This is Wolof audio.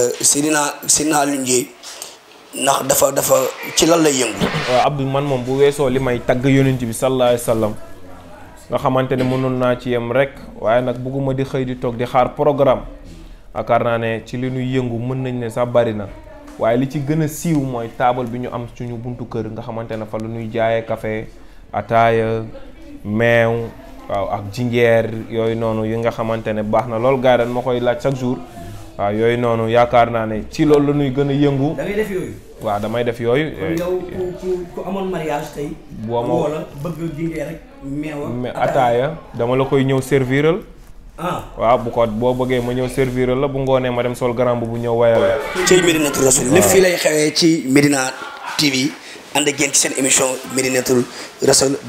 Euh, Seydina Seydina Alioune Ndiaye ndax dafa dafa ci lan lay yëngu. waaw Abdou man moom bu weesoo li may tagg yonent bi sallallahu sallam nga xamante ne mënoon naa ci yem rek waaye nag bëgguma di xëy di toog di xaar programme yaakaar naa ne ci li ñuy yëngu mën nañ ne sax bari na waaye li ci gën a siiw mooy taabal bi ñu am suñu buntu kër nga xamante ne fa lu ñuy jaayee kafe ataaya meew waaw ak jinjeer yooyu noonu yi nga xamante ne baax na loolu gars yi ma koy laaj chaque jour. waaw yooyu noonu yaakaar naa ne ci loolu la ñuy gën a yëngu. da waaw damay def yooyu. kon eh, yow eh. ku ku amoon mariage ataaya dama la koy ñëw serviral ah. waaw bu ko boo bëggee ma ñëw serviral la bu ngoonee ma dem sol garamb bu ñëw wayal la. ci Médinatul Rasoul lépp fii lay xewee ci Médina TV ànd ak yéen ci seen émission Médinatul Rasoul.